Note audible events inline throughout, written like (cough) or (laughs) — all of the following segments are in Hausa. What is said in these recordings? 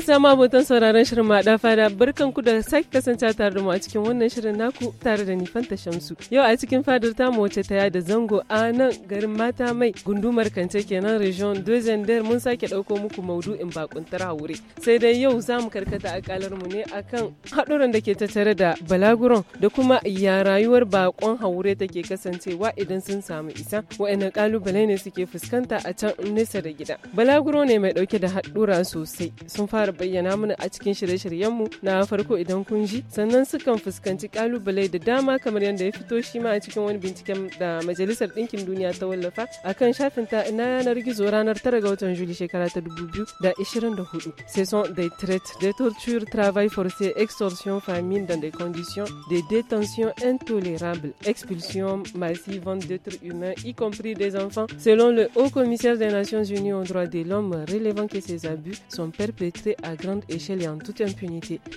Assalamu abotan sauraron shirin Maɗa Fada barkan ku da sake kasance tare da mu a cikin wannan shirin naku tare da ni ta Shamsu. Yau a cikin fadar ta mu wace taya da zango a nan garin mata mai gundumar Kance kenan region der mun sake ɗauko muku maudu'in bakuntar haure. Sai dai yau za mu karkata akalar mu ne akan haɗuran da ke tattare da balaguron da kuma ya rayuwar bakon haure take kasancewa idan sun samu isa. Wa'annan kalubale ne suke fuskanta a can nesa da gida. Balaguro ne mai ɗauke da haɗura sosai sun fara ƙara bayyana mana a cikin shirye-shiryenmu na farko idan kun ji sannan sukan fuskanci kalubale da dama kamar yadda ya fito shi ma a cikin wani binciken da majalisar ɗinkin duniya ta wallafa a kan shafin ta na yanar gizo ranar 9 ga watan juli shekara ta 2024 ce sont des traites des tortures travail forcé extorsion famine dans des conditions de détention intolérables expulsion massive vente d'êtres humains y compris des enfants selon le haut commissaire des nations unies aux droits de l'homme relevant que ces abus sont perpétrés A Grand échelle et en toute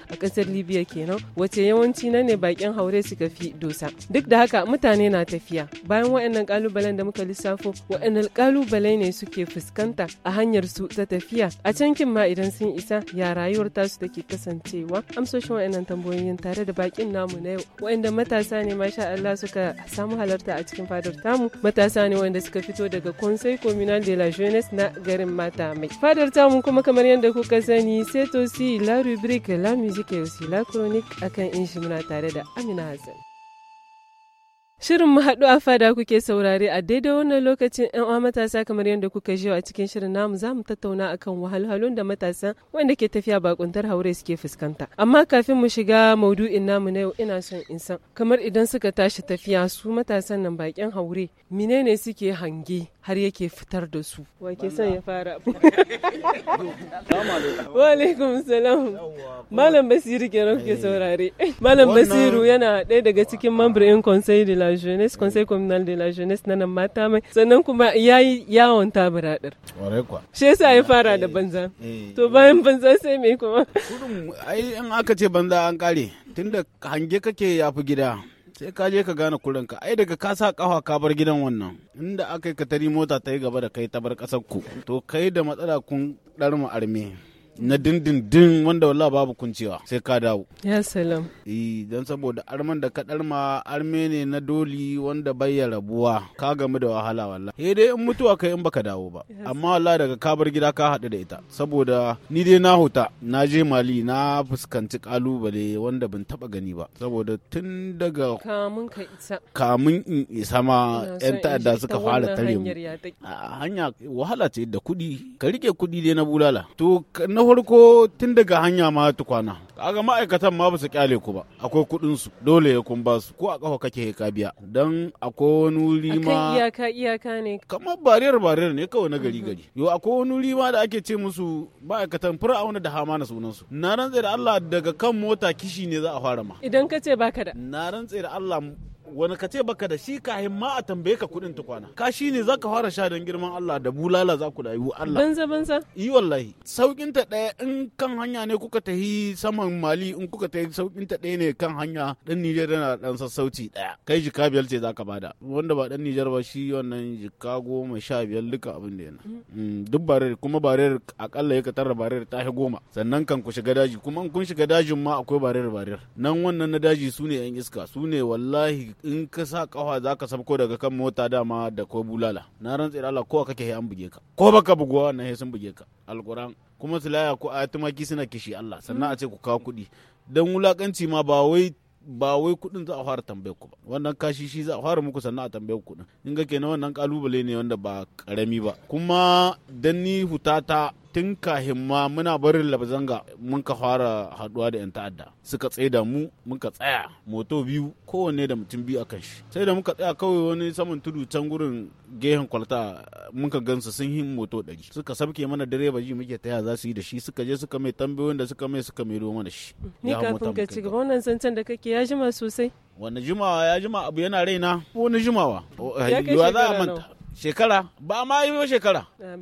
a kasar Libya kenan wace yawanci na ne bakin haure suka fi dosa. Duk da haka mutane na tafiya bayan waɗannan kalubalen da muka lissafo waɗannan ƙalubale ne suke fuskanta a hanyar su ta tafiya a can kin ma idan sun isa ya rayuwar tasu take kasancewa amsoshin waɗannan tambayoyin tare da bakin namu na yau waɗanda matasa ne masha Allah suka samu halarta a cikin fadar tamu matasa ne waɗanda suka fito daga Conseil Communal de la Jeunesse na garin Mata Mai. Fadar tamu kuma kamar yadda kuka sani c'est aussi la rubrique La musique et aussi la chronique Akan Inshimura Tare de Amina Hassan. Shirin mahaɗu a fada kuke saurare a daidai wannan lokacin 'yan uwa matasa kamar yadda kuka ji a cikin shirin namu za mu tattauna akan wahalhalun da matasa wanda ke tafiya bakuntar haure suke fuskanta. Amma kafin mu shiga maudu'in namu na yau ina son in san kamar idan suka tashi tafiya su matasan nan bakin haure menene suke hange har yake fitar da su. Wa ke son ya fara? (laughs) Wa salam. Malam Basiru kenan kuke eh. saurare. Malam Basiru yana ɗaya daga cikin mambarin Conseil de jeunesse conseil communal de la jeunesse na nan mata mai sannan kuma ya yi yawon taburadar shi yasa ya fara da eh, banza eh. to bayan banza sai me kuma ai in aka ce banza an kare tunda hange kake yafi gida sai ka je ka gane ka ai daga ka sa kafa ka bar gidan wannan inda aka yi ka tari mota ta yi gaba da kai ta bar kasar ku to kai da matsala kun darma arme na dindindin wanda wallah babu kuncewa sai ka dawo ya salam eh dan saboda arman da kadar ma arme ne na doli wanda bayya rabuwa ka gamu da wahala wallah eh dai in mutuwa kai in baka dawo ba amma wallah daga kabar gida ka hadu da ita saboda ni dai na huta na je mali na fuskanci kalubale wanda ban taba gani ba saboda tun daga kamun ka isa kamun in isa ma yan ta'adda suka fara tare mu hanya wahala ce da kuɗi ka rike kuɗi dai na bulala to na na farko tun daga hanya ma ta tukwana kaga ma'aikatan ma ba su kyale ku ba akwai kuɗin su dole ya kun ba su ko a kafa kake ka biya dan akwai wani wuri ma iyaka iyaka ne kamar bariyar bariyar ne kawai na gari gari yo akwai wani wuri ma da ake ce musu ma'aikatan fir'auna da hamana sunan su na rantse da Allah daga kan mota kishi ne za a fara ma idan ka ce baka da na rantse da Allah wani ka ce baka da shi kahin ma a tambaye ka kuɗin tukwana ka shi ne ka fara sha don girman Allah da bulala za ku yiwu Allah banza banza yi wallahi saukin ta ɗaya in kan hanya ne kuka yi saman mali in kuka yi saukin ta ɗaya ne kan hanya dan Nijar yana dan sassauci ɗaya kai jika biyar ce za ka bada wanda ba dan Nijar ba shi wannan jika goma sha biyar duka abin da yana mm, duk barer kuma barer akalla ya tara barer ta goma sannan kan ku shiga daji kuma in kun shiga dajin ma akwai barer barer nan wannan na daji su ne yan iska su ne wallahi in ka sa kafa za ka sabko daga kan mota dama da ko bulala na rantse da Allah ko kake an buge ka ko baka buguwa na sun buge ka alquran kuma tilaya ko ki suna kishi Allah sannan a ce ku kawo kuɗi dan wulakanci ma ba wai ba wai kuɗin za a fara tambayar ku ba wannan kashi shi za a fara muku sannan a tambayar ku kuɗin in ga kenan wannan kalubale ne wanda ba karami ba kuma dan ni hutata tun kahin ma muna barin labzanga mun ka fara haduwa da 'yan ta'adda suka da mu mun ka tsaya moto biyu kowanne da mutum biyu a kan shi sai da muka tsaya kawai wani saman tudu can gurin gehen kwalta mun ka gansu sun hin moto ɗari suka sabke mana direba ji muke taya za su yi da shi suka je suka mai tambayoyin da suka mai suka mai mana shi ni kafin ka ci gaba wannan zancen da kake ya jima sosai wani jimawa ya jima abu yana raina wani jimawa ya za a manta shekara ba ma yi ba shekara eh,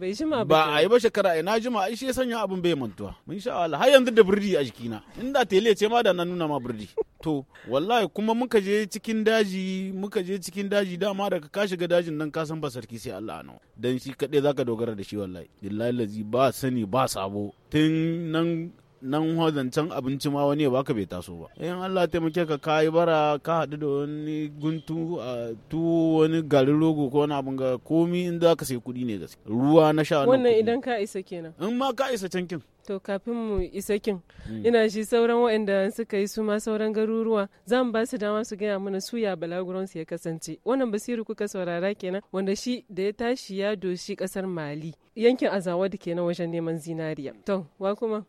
ba a yi ba shekara ina eh, jima ai shi sanya abin bai mantuwa mun sha Allah har yanzu da birdi a jikina inda tele ce ma da na nuna ma birdi (laughs) to wallahi kuma muka je cikin daji muka je cikin daji dama daga ka shiga dajin nan ka san ba sarki sai Allah nan dan shi kade zaka dogara da shi wallahi billahi lazi ba sani ba sabo tun nan nan can abinci ma wani ya baka bai taso ba in Allah taimake ka kayi bara ka haɗu da wani guntu a tuwo wani garin rogo ko wani abin ga komi in za ka sai kuɗi ne gaske ruwa na sha wannan idan ka isa kenan in ma ka isa can kin to kafin mu isa kin hmm. ina shi sauran waɗanda suka yi su ma sauran garuruwa za mu ba su dama su gaya mana suya balaguron su ya kasance wannan basiru kuka saurara kenan wanda shi da ya tashi ya doshi kasar mali yankin azawa da kenan wajen neman zinariya to wa kuma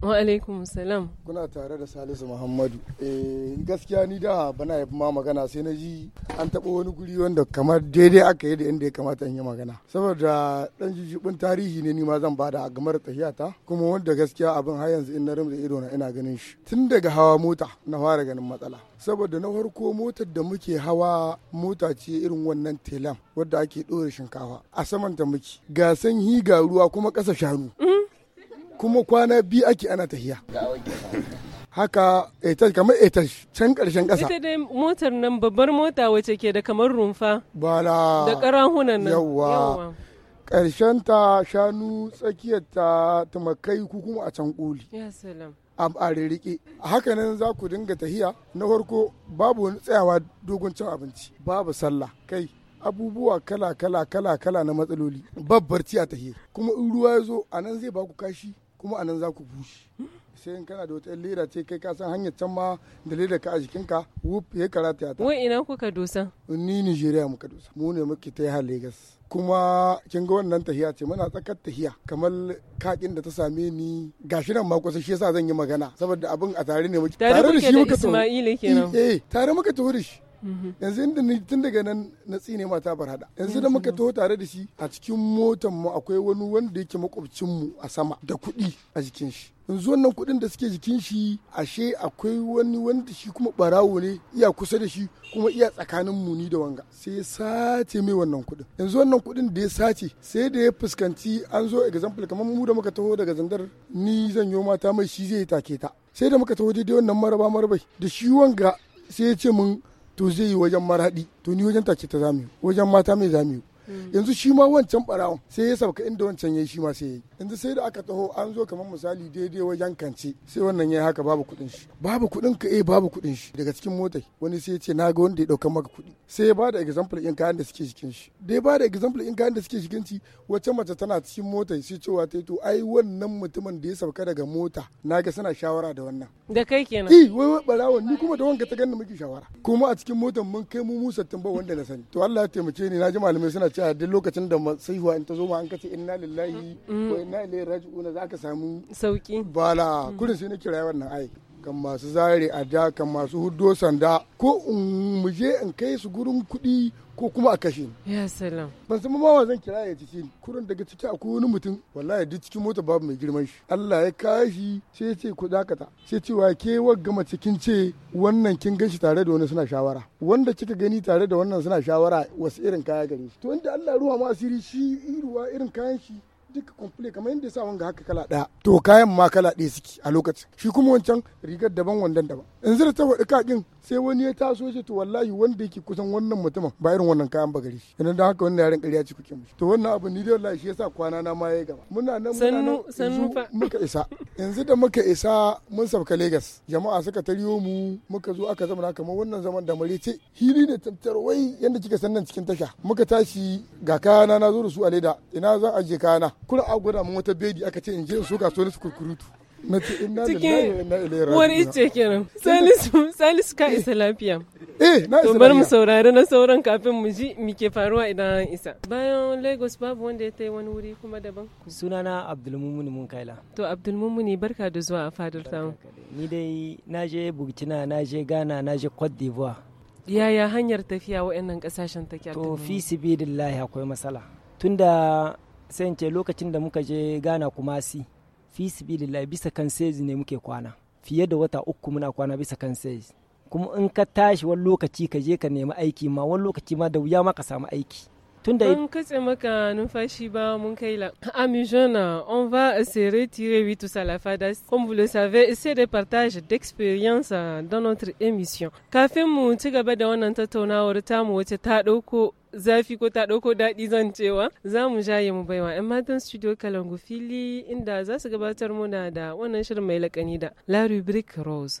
Wa alaikum salam. Kuna tare da Salisu Muhammadu. Eh gaskiya ni da bana yi ma magana sai na ji an taɓa wani guri wanda kamar daidai aka yi da inda ya kamata in yi magana. Saboda ɗan jijibin tarihi ne ni ma zan bada a gamar tahiyata kuma wanda gaskiya abin har yanzu in na rumza ido na ina ganin shi. Tun daga hawa mota na fara ganin matsala. Saboda na farko motar da muke hawa mota ce irin wannan telam wadda ake ɗora shinkafa a saman ta muke. Ga sanyi ga ruwa kuma ƙasa shanu. Mm-hmm. kuma kwana biyu ake ana tahiya haka etaj eh, kamar etaj eh, can karshen kasa ita dai motar nan babbar mota wace ke da kamar rumfa bala da karahunan nan yawa karshen ta shanu tsakiyar ta tumakai ku kuma a can koli a ririke haka nan za ku dinga tahiya na farko babu wani tsayawa dogon cin abinci babu sallah kai abubuwa kala kala kala kala na matsaloli babbar a tahiya kuma in ruwa ya zo a nan zai baku kashi kuma anan za ku bushe sai in kana da wata leda ce kai ka san hanyar can ma da leda ka a jikinka wuf ya karata ta wai ina kuka dosa ni Nigeria muka dosa mu ne muke ta yaha Lagos kuma kin ga wannan tahiya ce muna tsakar tahiya kamar kakin da ta same ni gashi nan ma kusa shi yasa zan yi magana saboda abin a tare ne muke tare eh, eh, da shi muka tafi tare muka tafi shi Mhm. yanzu inda ni tun daga nan na tsine mata barhada yanzu da muka taho tare da shi a cikin motan mu akwai wani wanda yake makwabcin mu a sama da kuɗi a jikin shi yanzu wannan kuɗin da suke jikin shi ashe akwai wani wanda shi kuma barawo ne iya kusa da shi kuma iya tsakanin mu ni da wanga sai ya sace mai wannan kuɗin yanzu wannan kuɗin da ya sace sai da ya fuskanci an zo example kamar mu da muka taho daga zandar ni zan yo mata mai shi zai take ta sai da muka taho daidai wannan maraba marabai da shi wanga sai ya ce mun to zai yi wajen marhaɗi to ni wajen take ta zamu wajen mata mai zamu Mm. yanzu shi ma wancan barawon sai ya sauka inda wancan yayi shi ma sai yayi yanzu sai da aka taho an zo kamar misali daidai wajen kance sai wannan yayi haka babu kuɗin shi babu kuɗin ka eh babu kuɗin shi daga cikin mota wani sai ya ce na ga wanda ya dauka maka kuɗi sai ya bada example in kayan da suke cikin shi da ya bada example in kayan da suke cikin shi wacce mace tana cikin mota sai cewa ta to ai wannan mutumin da ya sauka daga mota na ga suna shawara da wannan da kai kenan eh wai wai barawon ni kuma da wanka ta ganni muke shawara kuma a cikin motan mun kai mu musa ba wanda na sani to Allah ya taimake ni na ji malamai suna a duk lokacin da saihuwa in ta zo ma an kace inna lillahi mm. wa inna ilaihi raji'un za ka samu sauki bala kurin sai na kira wannan ai kan masu zare a da kan masu hudo sanda ko mu muje in kai su gurin kuɗi ko kuma a kashe ni. Ya salam. Ban san ma zan kira ya ciki kurin daga ciki a wani mutum wallahi duk cikin mota babu mai girman shi. Allah ya kawo shi sai ya ce ku dakata. Sai cewa ke wagga mace kin ce wannan kin ganshi tare da wani suna shawara. Wanda kika gani tare da wannan suna shawara wasu irin kaya gare shi. To inda Allah ruwa ma asiri shi ruwa irin kayan shi duka komple kamar yadda sa wanga haka kala ɗaya. to kayan ma kala ɗaya suke a lokacin shi kuma wancan rigar daban wandan daban in zira ta faɗi kakin sai wani ya taso shi to wallahi wanda yake kusan wannan mutumin ba irin wannan kayan bagare shi idan da haka wannan yaren ƙarya ci kuke mishi to wannan abu ni dai wallahi shi yasa kwana na ma yayi gaba muna nan muna nan muka isa yanzu da muka isa mun sauka Lagos jama'a suka tariyo mu muka zo aka zama kamar wannan zaman da mare ce hili ne wai yanda kika san nan cikin tasha muka tashi ga kayana na zo da su a leda ina zan ajiye kayana kura a gwada mun wata bedi aka ce in je in so kasuwar kurkurutu Mace ce inna lillahi wa inna wani ce kenan salisu salisu ka isa lafiya eh na isa lafiya. mu saurari na sauran kafin mu ji mi ke faruwa idan an isa bayan lagos babu wanda ya tai wani wuri kuma daban sunana abdulmumuni mun kaila to abdulmumuni barka da zuwa a fadar ta. ni dai na je burkina na je ghana na je cote d'ivoire yaya hanyar tafiya waɗannan kasashen take to fi sibidillahi akwai matsala tunda sai in ce lokacin da muka je Ghana Kumasi fi sabilillah bisa kan sezi ne muke kwana fiye da wata uku muna kwana bisa kan sezi kuma in ka tashi wani lokaci ka je ka nemi aiki ma wani lokaci ma da wuya ma ka samu aiki tunda on maka ba ah, on va se retirer oui tous à la fadas. comme vous le savez c'est des partages d'expériences euh, dans notre émission Café mu ci gaba da wannan tattaunawar tamu wace ta dauko zafi ko ta ɗauko daɗi zan studio kalangu indaza inda za su gabatar muna da wannan la rubrique rose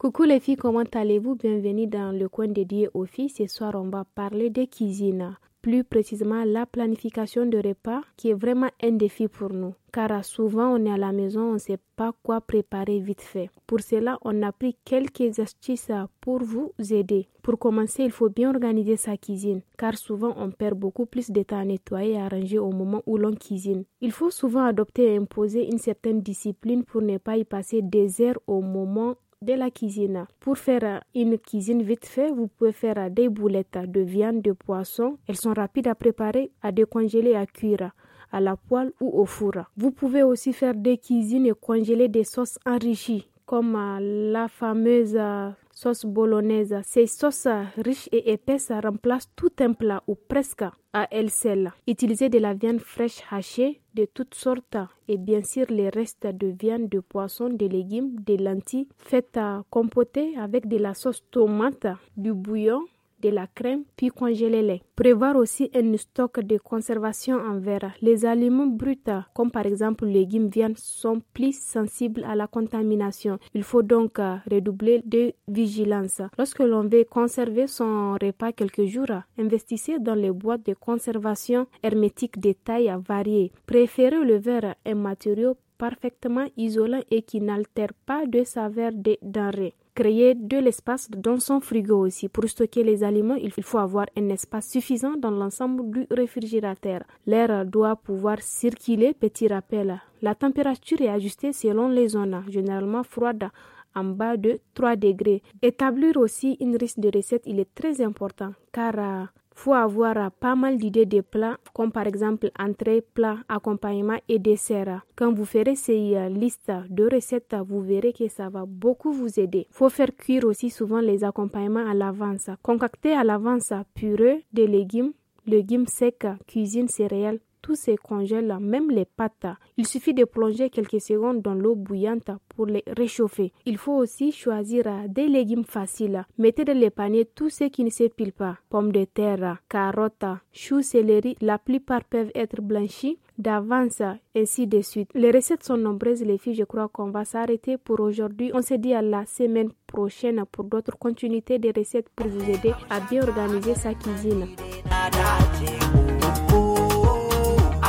Coucou les filles, comment allez-vous Bienvenue dans le coin dédié aux filles. Ce soir, on va parler de cuisine. Plus précisément, la planification de repas qui est vraiment un défi pour nous. Car souvent, on est à la maison, on ne sait pas quoi préparer vite fait. Pour cela, on a pris quelques astuces pour vous aider. Pour commencer, il faut bien organiser sa cuisine, car souvent on perd beaucoup plus de temps à nettoyer et à ranger au moment où l'on cuisine. Il faut souvent adopter et imposer une certaine discipline pour ne pas y passer des heures au moment de la cuisine. Pour faire une cuisine vite fait, vous pouvez faire des boulettes de viande, de poisson. Elles sont rapides à préparer, à décongeler à cuire à la poêle ou au four. Vous pouvez aussi faire des cuisines et congeler des sauces enrichies comme euh, la fameuse euh, sauce bolognaise. Ces sauces riches et épaisses remplacent tout un plat ou presque à elle seule. Utilisez de la viande fraîche hachée de toutes sortes et bien sûr les restes de viande, de poisson, de légumes, des lentilles. Faites compoter avec de la sauce tomate, du bouillon, de la crème puis congélez-les. Prévoir aussi un stock de conservation en verre. Les aliments bruts, comme par exemple les viandes, sont plus sensibles à la contamination. Il faut donc euh, redoubler de vigilance. Lorsque l'on veut conserver son repas quelques jours, investissez dans les boîtes de conservation hermétiques de taille variée. Préférez le verre, un matériau parfaitement isolant et qui n'altère pas de saveur des denrées créer de l'espace dans son frigo aussi. Pour stocker les aliments, il faut avoir un espace suffisant dans l'ensemble du réfrigérateur. L'air doit pouvoir circuler, petit rappel. La température est ajustée selon les zones, généralement froide, en bas de 3 degrés. Établir aussi une liste de recettes, il est très important car euh, faut avoir pas mal d'idées de plats, comme par exemple entrée, plat, accompagnement et dessert. Quand vous ferez ces euh, listes de recettes, vous verrez que ça va beaucoup vous aider. Faut faire cuire aussi souvent les accompagnements à l'avance. Concocter à l'avance purée de légumes, légumes secs, cuisine céréales, tous se congèle, même les pâtes. Il suffit de plonger quelques secondes dans l'eau bouillante pour les réchauffer. Il faut aussi choisir euh, des légumes faciles. Mettez dans les panier tous ceux qui ne s'épile pas. Pommes de terre, carottes, choux, céleri, la plupart peuvent être blanchis d'avance, ainsi de suite. Les recettes sont nombreuses, les filles. Je crois qu'on va s'arrêter pour aujourd'hui. On se dit à la semaine prochaine pour d'autres continuités de recettes pour vous aider à bien organiser sa cuisine.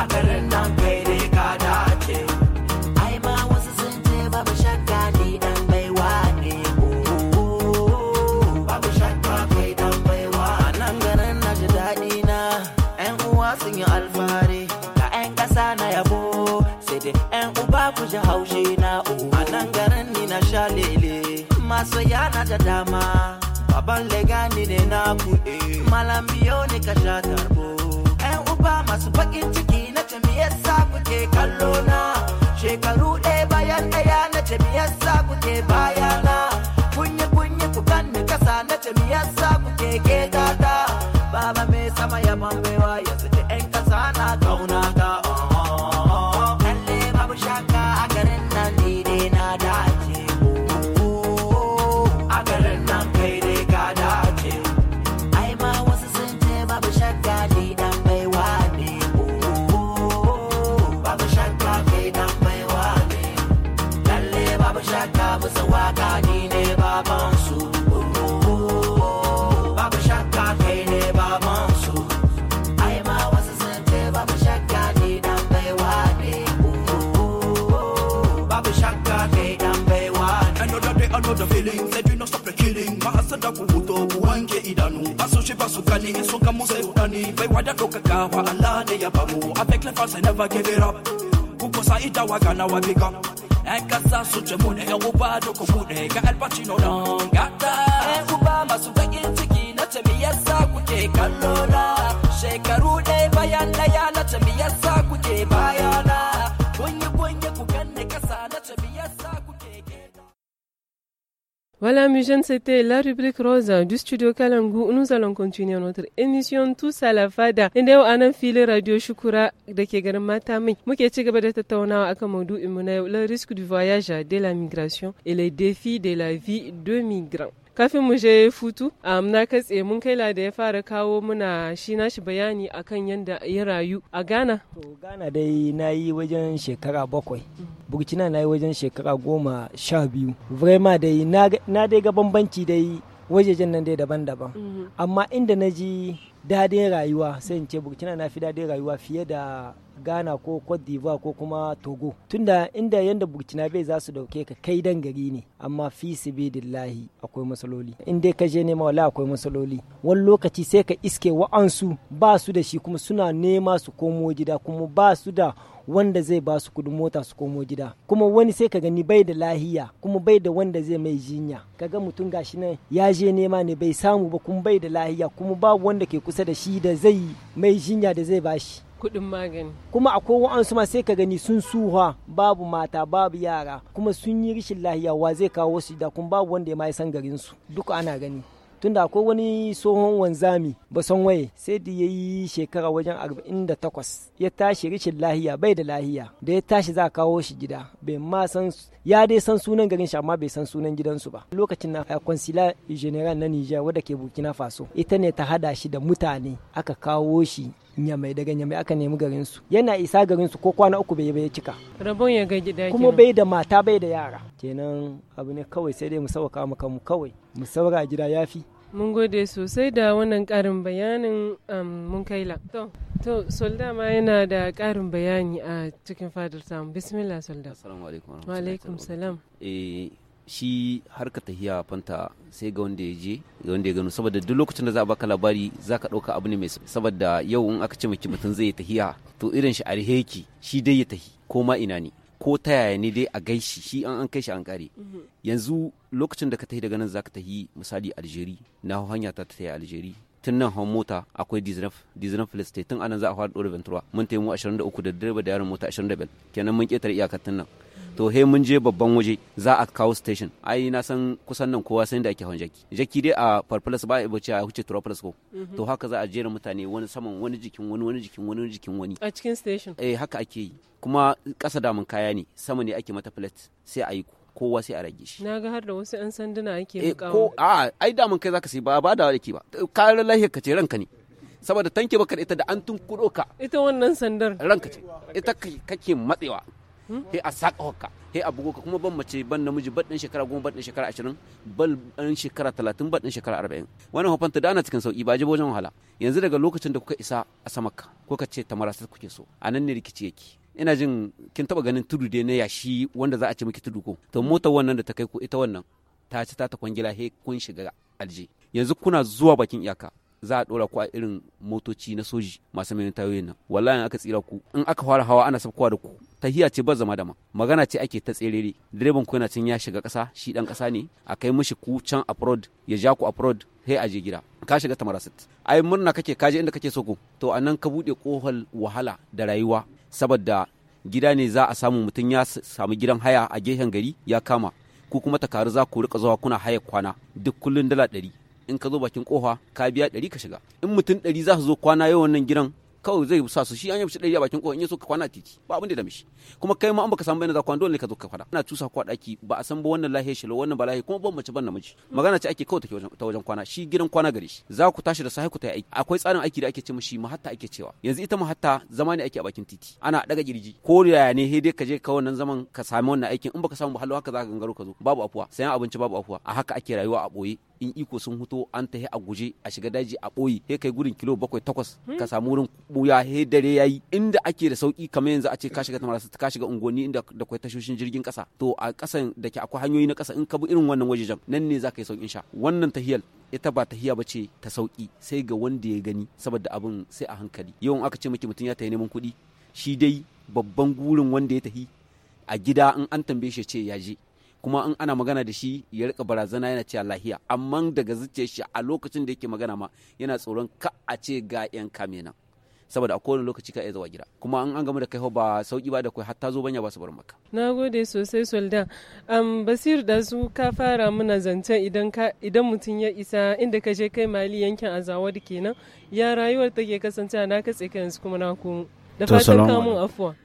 a garin nan kai na yabo masu dama ce me yasa kuke kallo na shekaru ɗaya eh, bayan ɗaya na ce me yasa kuke baya na kunyi kunyi na ce me yasa ke gata baba mai sama ya bambewa yanzu da 'yan kasa na sada kubuto wanke idanu basoshe basukani ya bamu avec les farces never give it up kukosa itawagana gata masu na yasa kuke kallona shekaru ɗaya bayana na ce yasa kuke bayana kunyi kunyi kasa na ce yasa Voilà, mes jeunes, c'était la rubrique rose du studio Kalangu. Nous allons continuer notre émission tous à la fada. Nous anan filin radio Shukura de garin mata mai. Muke ci gaba le risque du voyage de la migration et les défis de la vie de migrants. kafin mu je futu a na katse mun kaila da ya fara kawo muna shi nashi bayani akan yadda ya rayu a ghana to ghana dai na yi wajen shekara bakwai burkina na yi wajen shekara goma sha biyu vrema dai na dai ga bambanci dai wajejen nan dai daban-daban mhm. amma inda na ji dadin rayuwa sai in ce burkina na fi dadin rayuwa fiye da ghana ko cote d'ivoire ko kuma togo tunda inda yanda bai za su dauke ka kai dan gari ne amma fi sibidillahi akwai matsaloli in dai ka je nema wala akwai matsaloli wani lokaci sai ka iske wa'ansu ba su da shi kuma suna nema su komo gida kuma ba su da wanda zai ba su kudin mota su komo gida kuma wani sai ka gani bai da lahiya kuma bai da wanda zai mai jinya Ka ga mutum gashi nan ya je nema ne bai samu ba kuma bai da lahiya kuma babu wanda ke kusa da shi da zai mai jinya da zai bashi kuɗin magani kuma akwai wa'ansu ma sai ka gani sun suha babu mata babu yara kuma sun yi rashin lahiya wa zai kawo su da kuma babu wanda ya ma san garin su duka ana gani tunda akwai wani tsohon wanzami ba san waye sai da ya yi shekara wajen 48 ya tashi rashin lahiya bai da lahiya da ya tashi za a kawo shi gida bai ma san ya dai san sunan garin shi amma bai san sunan gidansu ba lokacin na consular general na Niger wadda ke Burkina Faso ita ne ta hada shi da mutane aka kawo shi nyamai daga nyamai aka nemi garin su yana isa garin su ko kwana uku bai bai cika rabon ya ga gida kuma bai da mata bai da yara kenan abu ne kawai sai dai mu sauka mu kanmu kawai mu a gida fi. mun gode sosai da wannan karin bayanin um, mun la. to to solda ma yana da karin bayani a cikin fadar samu bismillah solda assalamu alaikum wa alaikum salam eh shi harka tahiya fanta sai ga wanda ya je ga wanda ya gano saboda duk lokacin da za a baka labari za ka ɗauka abu ne mai saboda yau in aka ce miki mutum zai tahiya to irin shi a shi dai ya tahi ko ma ina ne ko ta yaya ne dai a gaishi shi an an kai shi an kare mhm. yanzu lokacin da ka tafi daga nan zaka tafi misali aljeri na hanya ta tafi aljeri tun nan hawan mota akwai dizinaf dizinaf tun anan za a fara dora ventura mun taimu 23 da direba da yaron mota 25 kenan mun ketare iyakar tun nan to he mun je babban waje za a kawo station ai na san kusan nan kowa sai da ake hawan jaki jaki dai a farfalas ba a bace a huce tropolis ko mhm. to haka za a jera mutane wani saman wani jikin wani wani jikin wani jikin wani a cikin station eh haka ake yi kuma kasa damun kaya ne sama ne ake mata plate sai a yi kowa sai a rage shi. Na ga har da wasu 'yan sanduna ake bukawa. Eh, ko a ai da mun kai zaka sai ba ba da yake ba. Kayan lahiyar ka ce ranka ne. Saboda tanke baka da ita da an tun kudo ka. Ita wannan sandar. Ranka ce. Ita kake matsewa. he a saka hokka he a bugo kuma ban mace ban namiji ban dan shekara goma ban dan shekara ashirin ban dan shekara talatin ban dan shekara arba'in wannan hofanta da dana cikin sauki ba ji wajen wahala yanzu daga lokacin da kuka isa a samakka kuka ce sai kuke so a nan ne rikici yake ina jin kin taba ganin tudu dai na yashi wanda za a ce miki tudu ko to motar wannan da ta kai ku ita wannan ta ci ta ta kwangila he kun shiga alje yanzu kuna zuwa bakin iyaka za a dora ku a irin motoci na soji masu mai tayoyin nan wallahi aka tsira ku in aka fara hawa ana sabkowa da ku tahiya ce ba zama dama magana ce ake ta tserere direban ku yana can ya shiga kasa shi dan kasa ne a kai mishi ku can abroad ya ja ku abroad sai a je gida ka shiga tamarasit ai murna kake kaje inda kake so ku to anan ka buɗe kohal wahala da rayuwa saboda gida ne za a samu mutum ya samu gidan haya a gefen gari ya kama ku kuma takaru za ku rika zuwa kuna haya kwana duk kullun dala ɗari in ka zo bakin kofa ka biya ɗari ka shiga in mutum ɗari za su zo kwana yau nan gidan kawai zai sa su shi an yi ɗari a bakin kofa in ya so ka kwana titi ba abin da da mishi kuma kai ma an baka samu bayan za kwana dole ka zo ka kwana ana tusa kwa ɗaki ba a san ba wannan lahiyar shi wannan ba lahiyar kuma ban mace ban namiji magana ce ake kawai ta wajen kwana shi gidan kwana gare shi za ku tashi da sahi ku ta aiki akwai tsarin aiki da ake ce mishi mahatta ake cewa yanzu ita mahatta zama ne ake a bakin titi ana daga girji ko yaya ne dai ka je ka wannan zaman ka sami wannan aikin in baka samu ba haka za ka gangaro ka zo babu afuwa sayan abinci babu afuwa a haka ake rayuwa a boye in iko sun huto an tahi a guje a shiga daji a boyi he kai gurin kilo bakwai takwas hmm. ka samu wurin buya he dare yayi inda ake da sauki kamar yanzu a ce ka shiga tamarasa ka shiga unguwanni inda da kwai tashoshin jirgin kasa to a kasan da ke akwai hanyoyi na kasa in ka bi irin wannan wajejen nan ne za ka yi saukin sha wannan tahiyal ita ba tahiya ba ce ta sauki sai ga wanda ya gani saboda abin sai a hankali yawan aka ce maki mutum ya tayi neman kuɗi shi dai babban gurin wanda ya tahi a gida in an tambaye shi ce ya je kuma in ana magana da shi ya rika barazana yana cewa lahiya amma daga zuciyar shi a lokacin da yake magana ma yana tsoron ka a ce ga yan kamena saboda a kowane lokaci ka iya zuwa gida kuma an an gama da kai ba sauki ba da kai hatta zo banya ba su bar maka na gode sosai soldan um, basir da su ka fara muna zancen idan ka idan mutum ya isa inda ka je kai mali yankin azawad kenan ya rayuwar take kasancewa na ka tsike yanzu kuma na ku da fatan kamun afuwa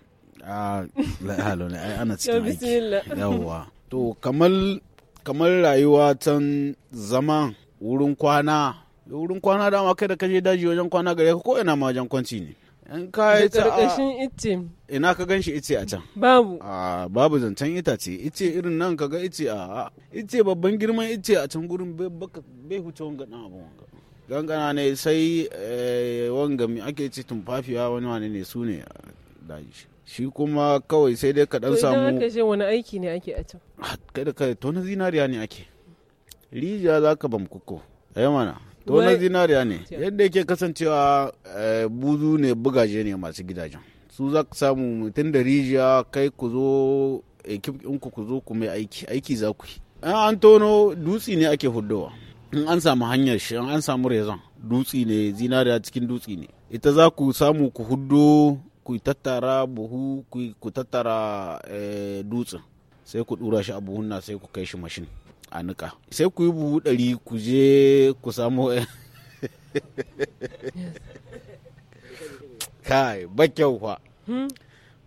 ah, a ana cikin (laughs) aiki to kamar rayuwa can zama wurin kwana wurin kwana dama kai da kaje daji wajen kwana gare ka ko ina ma wajen kwanci ne in ka yi ta ah, ƙarƙashin ina ka gan shi ice a can babu a ah, babu zancen itace ice irin nan ka ga ice a ah, ice babban girman ice a can gurin bai huce wanga dan abu wanga gangana ne sai eh, wanga mi ake ce tumfafiya wani wani ne su ne daji shi kuma kawai sai dai kaɗan samu to idan wani aiki ne ake a can ah, kai da to na zinariya ne ake rijiya za ka kuko ai eh mana to na zinariya ne yadda yake kasancewa eh, buzu ne bugaje ne masu gidajen su za ka samu mutum da rijiya kai ku zo ekip ɗinku ku zo ku mai aiki aiki za ku yi an tono dutsi ne ake huddowa in an samu hanyar shi an samu rezon dutsi ne zinariya cikin dutsi ne ita za ku samu ku huddo ku tattara buhu eh, ku tattara dutsen sai ku dura shi a na sai ku kai shi mashin a niƙa sai ku yi buhu ɗari ku je ku samu (laughs) kai ba kyau fa hmm?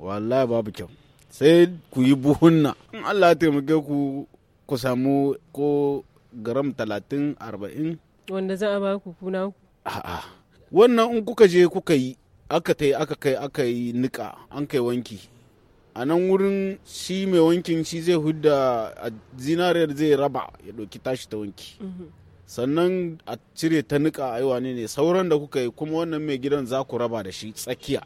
wallahi babu kyau sai ku yi buhunna in allah taimake ku ku samu ko garam talatin arba'in wanda za a ba ku kuna ku a'a wannan in kuka je kuka yi aka ta aka kai aka yi niƙa an kai wanki a nan wurin shi mai wankin shi zai hudda a zinariyar zai raba ya ɗauki tashi ta wanki mhm. sannan a cire ta niƙa a yi ne sauran da kuka yi kuma wannan mai gidan za ku raba da shi tsakiya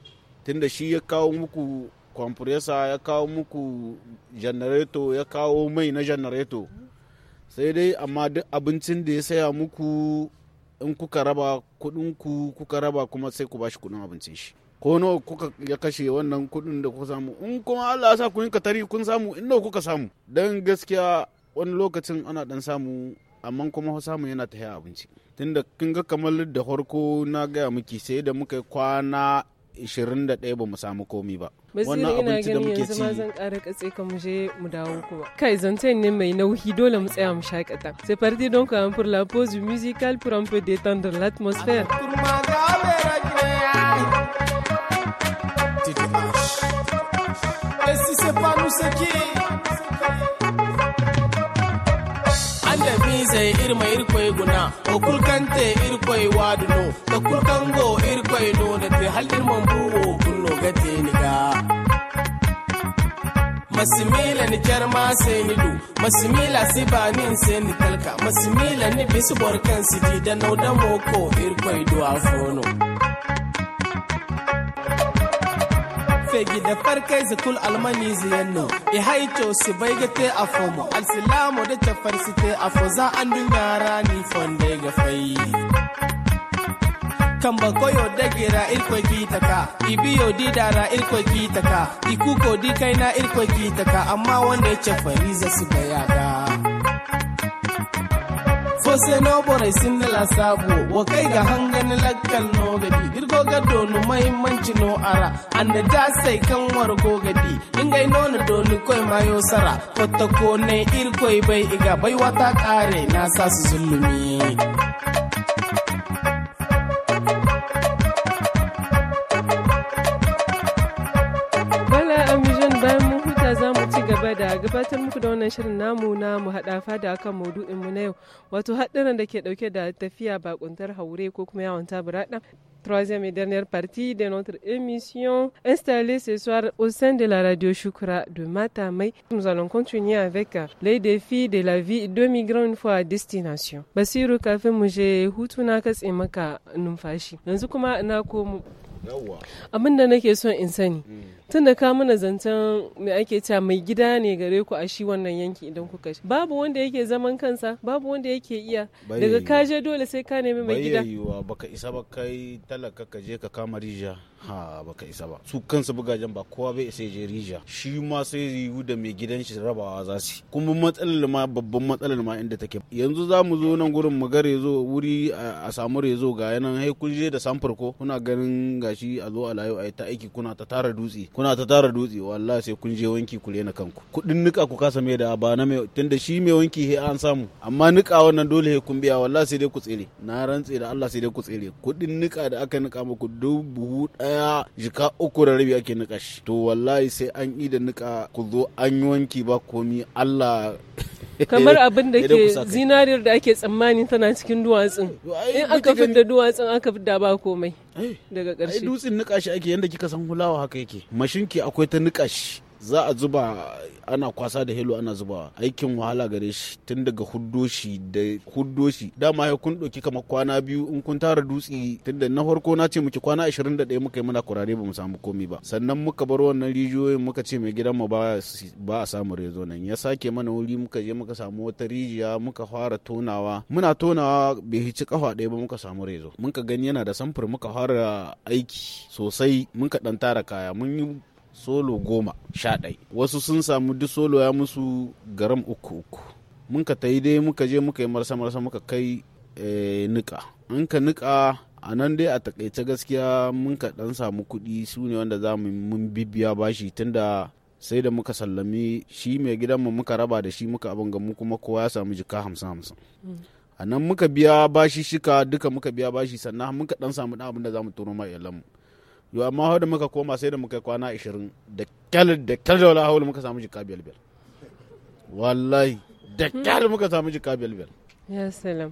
tunda shi ya kawo muku kwamfuresa ya kawo muku janareto ya kawo mai na janareto sai dai amma duk abincin da ya saya muku in kuka raba kudin ku kuka raba kuma sai ku bashi kudin abincin shi ko nawa kuka ya kashe wannan kudin da kuka samu in kuma Allah ya sa kun tari kun samu in nawa kuka samu dan gaskiya wani lokacin ana dan samu amma kuma samu yana ta abinci tunda kin ga kamar da farko na gaya miki sai da muka kwana 21 ba mu samu komi ba c'est parti donc hein, pour la pause musicale pour un peu détendre l'atmosphère masimila ni kerma du masimila si sai ni talka masimila ni bisu borkan siti da nau da moko irkoi du fono fegi da farkai zakul almani ziyanno e haito si bai gate a fomo alsilamo da ta site a foza an fonde ga fayi kamba koyo dagira irko kitaka ibiyo di dara kitaka ikuko di kaina irko kitaka amma wanda ya ce fariza suka yaga fose no bore sinna la sabo wa kai ga hangan lakkal no gadi dirgo ga donu mahimmanci no ara anda da sai kan war go gadi ingai no na donu koi mayo sara kotta ko ne irkoi bai iga bai wata kare na sa su zulumi da gabatar muku da wannan shirin namu na mu hada fada akan maudu'in mu na yau wato haɗarin da ke ɗauke da tafiya bakuntar haure ko kuma yawon taburaɗa troisième et dernière partie de notre émission installée ce soir au sein de la radio Choukra de Matamay. Nous allons continuer avec euh, les défis de la vie de migrants une fois à destination. Basiru kafin mu hutuna hutu na numfashi. Yanzu kuma à komo. Abin nake son in sani. Mm. tun da ka mana zancen mai ake cewa mai gida ne gare ku a shi wannan yanki idan kuka shi babu wanda yake zaman kansa babu wanda yake iya daga ka je dole sai ka nemi mai gida yiwa baka isa ba kai talaka ka je ka kama rija ha baka isa ba su kansu bugajen ba kowa bai isa je rija shi ma sai yiwu da mai gidan shi rabawa za su kuma matsalar ma babban matsalar ma inda take yanzu za mu zo nan gurin mu ga rezo wuri a samu rezo ga yanan hai kun je da samfur ko kuna ganin gashi a zo a layo a ta aiki kuna ta tara dutse kuna ta tara dutse wallahi sai kun je wanki ku rena kanku kudin nika ku kasa mai da ba na mai tunda shi mai wanki he an samu amma nika wannan dole he kun biya wallahi sai dai ku tsere na rantse da Allah sai dai ku tsere kudin nika da aka nika muku dubu daya jika uku da rabi ake nika shi to wallahi sai an yi da nika ku zo an yi wanki ba komi Allah (laughs) kamar (laughs) abin da ke zinariyar da ake tsammani tana cikin duwatsun in aka fidda duwatsun aka fidda ba komai Eh. daga ƙarshe dutsen nikashi ake yadda kika san hulawa haka yake mashinki akwai ta niƙashi. za a zuba ana kwasa da helo ana zubawa aikin wahala gare shi tun daga huddoshi da huddoshi dama ya kun ɗauki kamar kwana biyu in kun tara dutse tun da na farko na ce muke kwana 21 muka yi muna kurare ba mu samu komi ba sannan muka bar wannan rijiyoyin muka ce mai gidan mu ba a samu rezo nan ya sake mana wuri muka je muka samu wata rijiya muka fara tonawa muna tonawa bai hici kafa ɗaya ba muka samu rezo muka gani yana da samfur muka fara aiki sosai muka ɗan tara kaya mun yi solo goma sha ɗai wasu sun samu duk solo ya musu garam uku uku mun ka tayi dai muka je muka yi marsa marsa muka kai eh, nika in ka nika a nan dai a takaice gaskiya mun ka dan samu kuɗi su ne wanda za mu mun bibiya bashi tunda sai da muka sallami shi mai gidanmu muka raba da shi muka abin mu kuma kowa ya samu jika hamsin hamsin a nan muka biya bashi shika duka muka biya bashi sannan muka dan samu dan abin da za mu tono ma yau amma hau da muka koma sai da muka kwana 20 da kyal da kyal da wala haula muka samu jika biyar biyar wallahi da kyal muka samu jika biyar biyar Ya salam.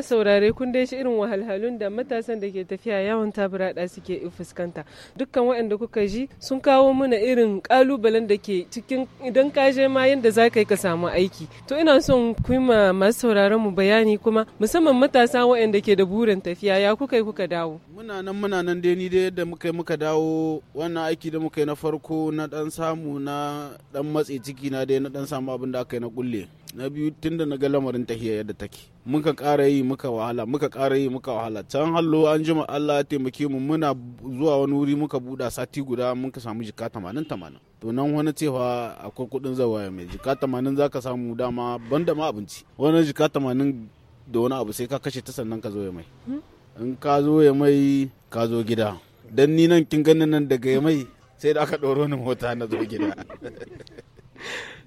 saurare kun dai shi irin wahalhalun da matasan da ke tafiya yawon da suke fuskanta. Dukkan waɗanda kuka ji sun kawo mana irin kalubalen da ke cikin idan ka je ma yadda za ka yi ka samu aiki. To ina son ku ma masu sauraron mu bayani kuma musamman matasa waɗanda ke da burin tafiya ya kuka yi kuka dawo. Muna nan muna nan dai ni dai yadda muka yi muka dawo wannan aiki da muka yi na farko na dan samu na dan matsi ciki na dai na dan samu abin da aka yi na kulle. Na biyu tunda na ga lamarin tahiya yadda take muka ƙara yi muka wahala muka ƙara yi muka wahala can hallo an jima Allah ya taimake mu muna zuwa wani wuri muka buɗa sati guda muka samu jika tamanin tamanin to nan wani cewa akwai kuɗin zawaya mai jika tamanin zaka samu dama banda ma abinci wani jika tamanin da wani abu sai ka kashe ta sannan ka zo ya mai hmm? in ka zo ya mai ka zo gida dan ni nan kin ganin nan daga ya mai sai da aka ɗoro ni mota na zo gida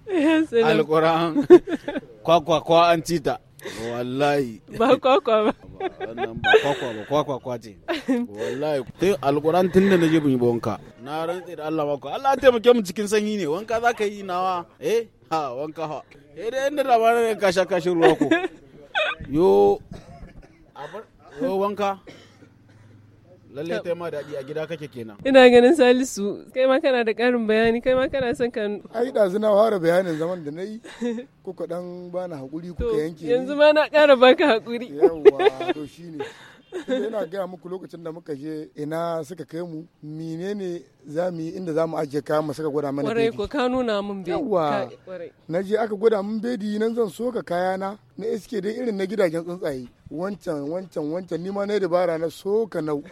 (laughs) alƙur'an kwakwa kwa an cita wallahi ba kwakwa ba wannan ba kwakwa ba kwakwa kwace wallahi tun alquran tun da naje bin wanka na rantsi da Allah mako Allah taimake mu cikin sanyi ne wanka zaka yi nawa eh ha wanka ha eh da inda labarin ka sha kashin ruwa ko yo yo wanka Lallai ta ma daɗi a gida kake kenan. Ina ganin Salisu, kai ma kana da ƙarin bayani, kai ma kana son kan Ai da zina fara bayanin zaman da na yi, kuka ɗan bana haƙuri kuka yanke. Yanzu ma na ƙara baka hakuri. Yawwa, to shine. inda yana gaya muku lokacin da muka je ina suka kai mu menene za mu yi inda za mu ajiye kayan masu suka gwada mana bedi ko ka nuna mun bedi yawa na je aka gwada min bedi nan zan soka kayana na iske dai irin na gidajen tsuntsaye wancan wancan wancan nima na dabara na soka nau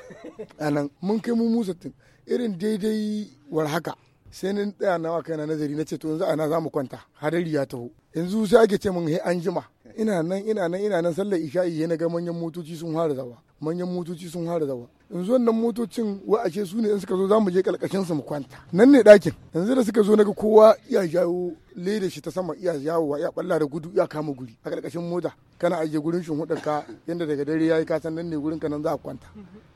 nan mun kai mu musatin irin daidai war haka sai ni tsaya nawa na nazari na ce to yanzu ana za mu kwanta hadari ya taho yanzu sai ake ce mun he an jima ina nan ina nan ina nan sallar isha'i na ga manyan motoci sun fara zawa manyan motoci sun fara zawa yanzu wannan motocin wa ashe su ne in suka zo za mu je kalkashin su mu kwanta nan ne dakin yanzu da suka zo naga kowa iya jawo leda shi ta sama iya jawo wa iya balla da gudu iya kama guri a kalkashin mota kana aje gurin shin ka yanda daga dare yayi ka san nan ne gurin ka nan za a kwanta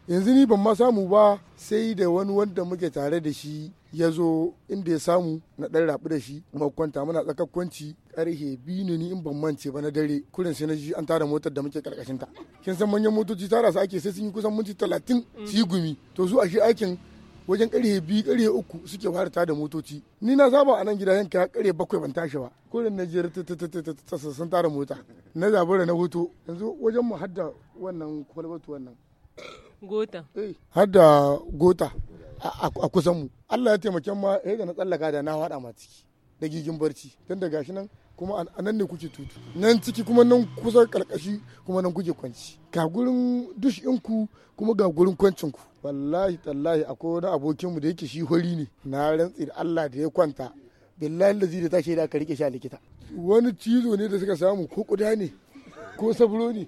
yanzu ni ban ma samu ba sai da wani wanda muke tare da shi ya zo inda ya samu na ɗan rabu da shi kuma kwanta muna tsakakkwanci karhe biyu ne ni in ban mance ba na dare kurin sai na ji an tara motar da muke karkashin ta kin san manyan motoci tara su ake sai sun yi kusan minti talatin mm. su yi gumi to su a shi aikin wajen karhe biyu karhe uku suke fara tada motoci ni na saba a nan gida yanka karhe bakwai ban tashi ba kurin na jiyar sun tara mota na zabura na hoto yanzu wajen mu hadda wannan kwalbatu wannan gota eh, har da gota a kusan Allah ya taimake ma yadda da na tsallaka da na hada ma ciki da gigin barci don da gashi nan kuma a nan ne kuke tutu nan ciki kuma nan kusa karkashi kuma nan kuke kwanci ga gurin dush kuma ga gurin kwancin ku wallahi tallahi akwai wani abokin mu da yake shi hori ne na rantsi da Allah da ya kwanta billahi da da ta shaida ka rike shi likita wani cizo ne da suka samu ko kuda ne ko sabro ne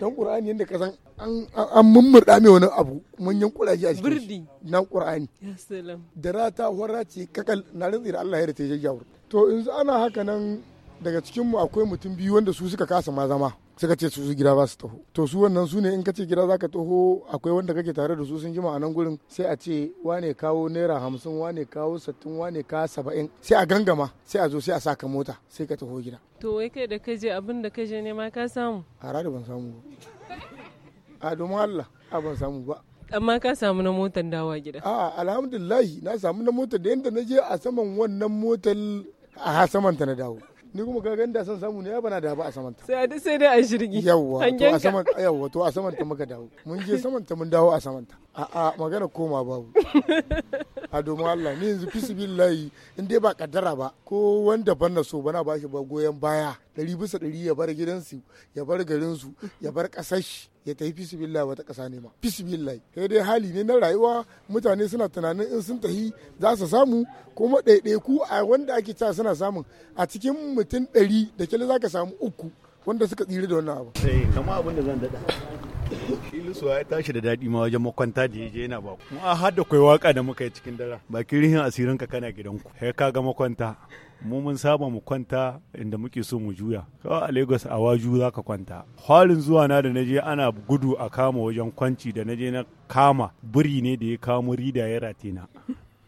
dan qur'ani yanda ka san an mummurda mai wani abu manyan kuraje a cikin na qur'ani da rata horra ce kakal na rantsi da Allah ya rata ya jawur to yanzu ana haka nan daga cikin mu akwai mutum biyu wanda su suka kasa ma zama suka ce su gida ba su taho to su wannan su ne in ka ce gida zaka taho akwai wanda kake tare da su sun jima a nan gurin sai a ce wane kawo naira hamsin wane kawo sattin wane kawo saba'in sai a gangama sai a zo sai a saka mota sai ka taho gida to wai kai da kaje abin da kaje ne ma ka samu a ban samu a domin Allah a ban samu ba amma ka samu na motar dawa gida a alhamdulillahi na samu na motar da yadda na je a saman wannan motar a saman ta na dawo ni kuma kaga inda san samu ne ya bana da ba a saman ta sai dai sai dai a shirgi Yawwa to a saman yawa to a saman ta muka dawo mun je saman ta mun dawo a saman ta a'a magana koma babu a domin Allah ni yanzu fisibillahi in dai ba kaddara ba ko wanda ban na so bana ba shi ba goyon baya ɗari bisa ɗari ya bar gidansu ya bar garinsu ya bar ƙasar shi ya tafi layi wata ƙasa ne ma fisibillahi sai dai hali ne na rayuwa mutane suna tunanin in sun tafi za su samu kuma ku a wanda ake cewa suna samun a cikin mutum ɗari da kyale za ka samu uku wanda suka tsira da wannan abu. Eh, kama abin da zan daɗa Ilusu ya tashi da daɗi ma wajen makwanta da yaje yana ba. Mu a hada kai waka da muka yi cikin ba Bakin rihin asirin ka kana gidanku. Sai ka ga makwanta. Mu mun saba mu kwanta inda muke so mu juya. Kawai a Lagos a waju za ka kwanta. Halin zuwa na da na je ana gudu a kama wajen kwanci da na na kama buri ne da ya kamo rida ya na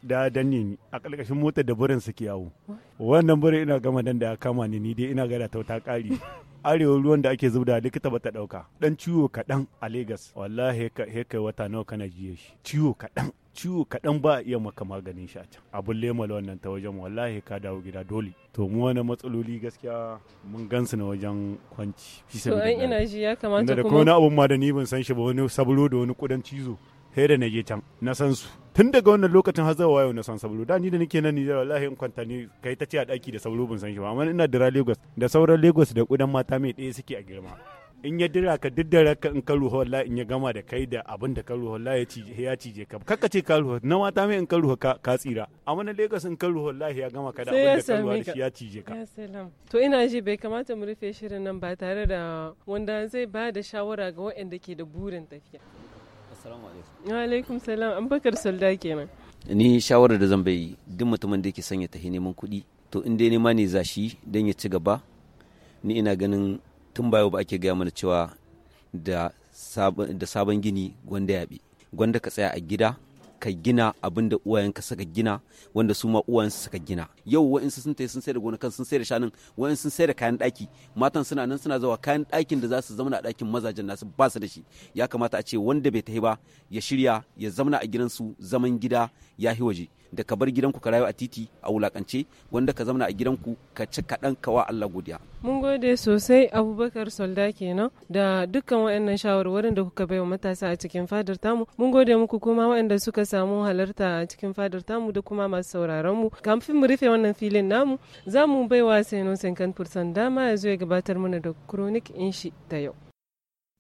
da danne ni a ƙarƙashin motar da burin suke yawo wannan burin ina gama dan da ya kama ni ni dai ina gada ta ƙari arewa ruwan da ake zubda likita bata dauka dan ciwo kaɗan a Legas wallahi he kai wata nawa kana jiye shi ciwo kaɗan ciwo kaɗan ba iya maka maganin shi a can abun lemal wannan ta wajen wallahi ka dawo gida dole to mu wani matsaloli gaskiya mun gansu na wajen kwanci to an ina ji ya kamata kuma da kuma na abun ma da ni ban san shi ba wani sabulo da wani kudan cizo sai da na je can na san su tun daga wannan lokacin har zuwa yau na san sabulu da ni da nake nan Nijar wallahi in kwanta ni kai ta ce a daki da sabulu ban san shi ba amma ina dira Lagos da sauran Lagos da kudan mata mai ɗaya suke a girma in ya dira ka diddara ka in ka ruha wallahi in ya gama da kai da abin da ka ruha wallahi ya cije ya cije ka kakka ce ka ruha na mata mai in ka ruha ka ka tsira amma na Lagos in ka ruha wallahi ya gama ka da abin da ka ruha shi ya cije ka to ina ji bai kamata mu rufe shirin nan ba tare da wanda zai ba da shawara ga waɗanda ke da burin tafiya Assalamu alaikum. Wa alaikum salam. Solda kenan. Ni shawarar da zan bai duk mutumin da yake sanya tahi neman kuɗi to in dai nema ne zashi don ya ci gaba ni ina ganin tun bayo ba ake gaya mana cewa da sabon gini gwanda yaɓi gwanda ka tsaya a gida ka gina abin da uwayenka suka gina wanda su ma uwayensu suka gina yau wa'insu sun tai sun sai da gonakan sun sai da shanun wa'insu sun sai da kayan ɗaki matan suna nan suna zawa kayan dakin da za su zauna a ɗakin mazajen nasu ba su da shi ya kamata a ce wanda bai yi ba ya shirya ya zauna a gidansu zaman gida ya hi waje da ka bar gidanku ka rayu a titi a wulakance wanda ka zauna a gidanku ka ci kaɗan kawa Allah godiya. Mun gode sosai Abubakar Solda kenan da dukkan waɗannan shawarwarin da kuka bai wa matasa a cikin fadar tamu. Mun gode muku kuma waɗanda suka samu halarta a cikin fadar tamu da kuma masu sauraron mu. Kamfin mu rufe wannan filin namu za mu bai wa sainon Sankan Fursan dama ya zo ya gabatar mana da kronik inshi ta yau.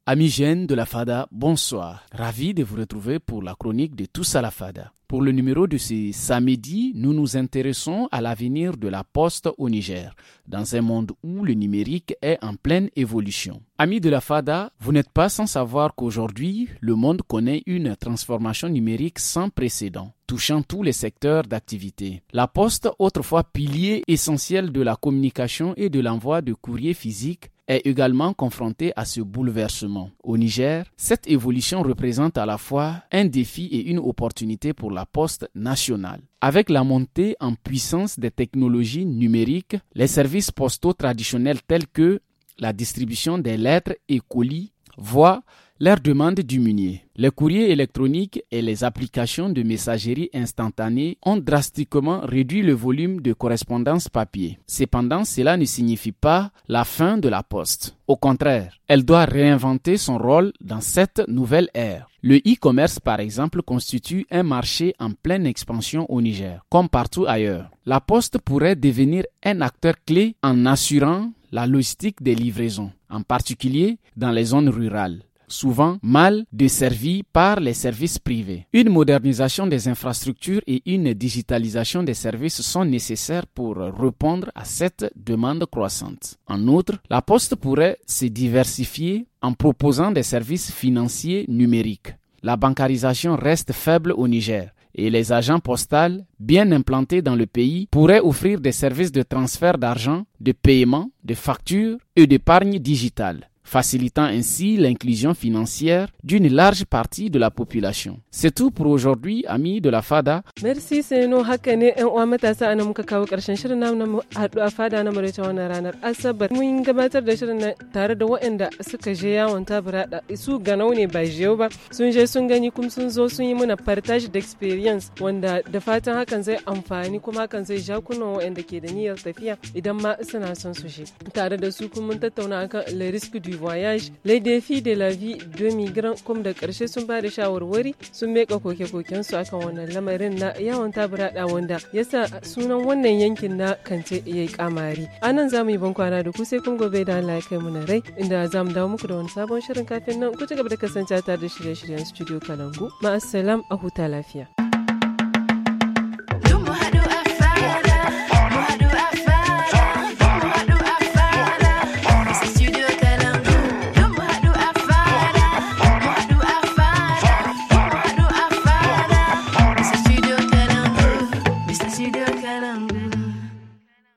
Amis de la FADA, bonsoir. Ravi de vous retrouver pour la chronique de Tous à la FADA. Pour le numéro de ce samedi, nous nous intéressons à l'avenir de la poste au Niger, dans un monde où le numérique est en pleine évolution. Amis de la FADA, vous n'êtes pas sans savoir qu'aujourd'hui, le monde connaît une transformation numérique sans précédent touchant tous les secteurs d'activité. La poste, autrefois pilier essentiel de la communication et de l'envoi de courriers physiques, est également confronté à ce bouleversement. Au Niger, cette évolution représente à la fois un défi et une opportunité pour la poste nationale. Avec la montée en puissance des technologies numériques, les services postaux traditionnels tels que la distribution des lettres et colis voient leur demande munier. Les courriers électroniques et les applications de messagerie instantanée ont drastiquement réduit le volume de correspondance papier. Cependant, cela ne signifie pas la fin de la poste. Au contraire, elle doit réinventer son rôle dans cette nouvelle ère. Le e-commerce, par exemple, constitue un marché en pleine expansion au Niger, comme partout ailleurs. La poste pourrait devenir un acteur clé en assurant la logistique des livraisons, en particulier dans les zones rurales souvent mal desservis par les services privés. Une modernisation des infrastructures et une digitalisation des services sont nécessaires pour répondre à cette demande croissante. En outre, la Poste pourrait se diversifier en proposant des services financiers numériques. La bancarisation reste faible au Niger et les agents postaux bien implantés dans le pays pourraient offrir des services de transfert d'argent, de paiement, de factures et d'épargne digitale facilitant ainsi l'inclusion financière d'une large partie de la population. C'est tout pour aujourd'hui, amis de la FADA. Merci, c'est nous, Hakane, et on va mettre ça à nous, Kakao, Karshan, Shirana, nous, à FADA, nous, le chon, Ranar, Asabar, nous, gabatar de Shirana, tare da waɗanda suka je yawon tabarada su ganau ne ba je ba sun je sun gani kuma sun zo sun yi mana partage d'experience wanda da fatan hakan zai amfani kuma hakan zai ja kunan waɗanda ke da niyyar tafiya idan ma suna son su je tare da su kuma mun tattauna akan le risque du du voyage les défis de la vie de migrants comme da karshe sun ba da shawarwari sun meka koke-koken su akan wannan lamarin na yawon tabura wanda yasa sunan wannan yankin na kance yayi kamari za zamu yi bankwana da ku sai kun gobe da Allah ya kai mu na rai inda zamu dawo muku da wani sabon shirin kafin nan ku ci gaba da kasancewa tare da shirye-shiryen studio Kalangu ma'assalam a huta lafiya